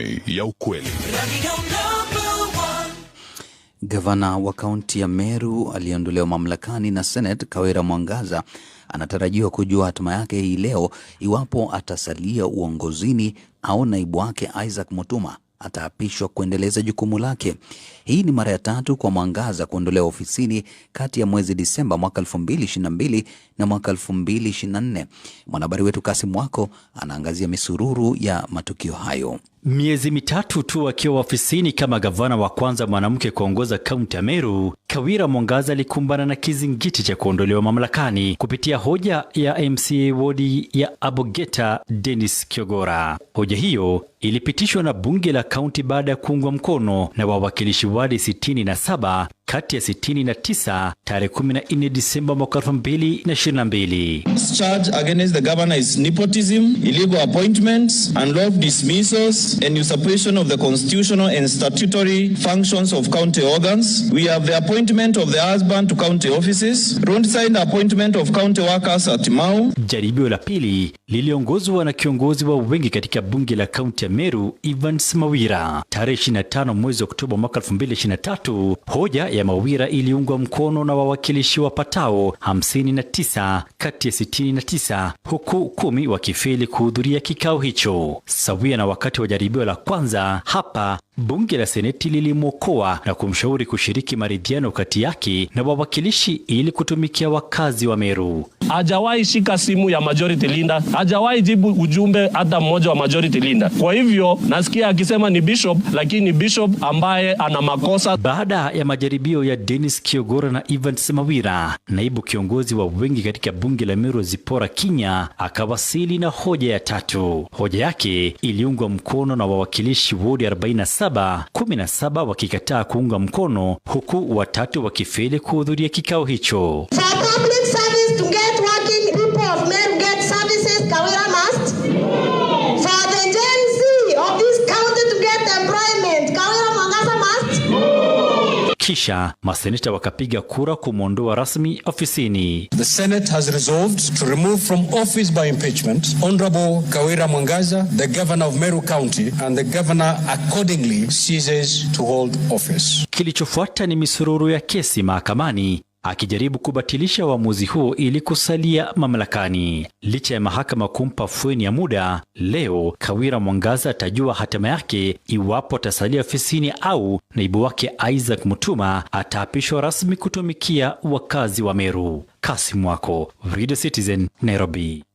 Elimu ya ukweli. Gavana wa kaunti ya Meru aliyeondolewa mamlakani na Senate, Kawira Mwangaza, anatarajiwa kujua hatima yake hii leo iwapo atasalia uongozini au naibu wake Isaac Mutuma ataapishwa kuendeleza jukumu lake. Hii ni mara ya tatu kwa Mwangaza kuondolewa ofisini kati ya mwezi Disemba mwaka 2022 na mwaka 2024. Mwanahabari wetu Kasim Wako anaangazia misururu ya matukio hayo. Miezi mitatu tu akiwa ofisini kama gavana wa kwanza mwanamke kuongoza kaunti ya Meru, Kawira Mwangaza alikumbana na kizingiti cha kuondolewa mamlakani kupitia hoja ya MCA wodi ya Abogeta Dennis Kiogora. Hoja hiyo ilipitishwa na bunge la kaunti baada ya kuungwa mkono na wawakilishi wadi 67 na kati ya 69 tarehe 14 Disemba mwaka 2022. Charge against the governor is nepotism, illegal appointments, unlawful dismissals and usurpation of the constitutional and statutory functions of county organs. We have the appointment of the husband to county offices, roadside appointment of county workers at Mau. Jaribio la pili liliongozwa na kiongozi wa wengi katika bunge la kaunti ya Meru Evans Mawira tarehe 25 mwezi Oktoba mwaka 2023, hoja ya ya Mawira iliungwa mkono na wawakilishi wapatao 59 kati ya 69 huku kumi wakifeli kuhudhuria kikao hicho. Sawia na wakati wa jaribio la kwanza hapa, bunge la seneti lilimwokoa na kumshauri kushiriki maridhiano kati yake na wawakilishi ili kutumikia wakazi wa Meru hajawahi shika simu ya majority leader, hajawahi jibu ujumbe hata mmoja wa majority leader. Kwa hivyo nasikia akisema ni bishop, lakini ni bishop ambaye ana makosa. Baada ya majaribio ya Dennis Kiogora na evan Semawira, naibu kiongozi wa wengi katika bunge la Meru Zipora Kinya akawasili na hoja ya tatu. Hoja yake iliungwa mkono na wawakilishi wodi 47, 17 wakikataa kuunga mkono huku watatu wakifeli kuhudhuria kikao hicho of men get services can Kawira must? For the Gen Z of this county to get employment can Kawira Mwangaza must? Kisha masenita wakapiga kura kumwondoa rasmi ofisini. The Senate has resolved to remove from office by impeachment Honorable Kawira Mwangaza, the governor of Meru County, and the governor accordingly ceases to hold office. Kilichofuata ni misururu ya kesi mahakamani akijaribu kubatilisha uamuzi huo ili kusalia mamlakani. Licha ya mahakama kumpa fueni ya muda, leo Kawira Mwangaza atajua hatima yake iwapo atasalia ofisini au naibu wake Isaac Mutuma ataapishwa rasmi kutumikia wakazi wa Meru. Kasim Wako, Radio Citizen, Nairobi.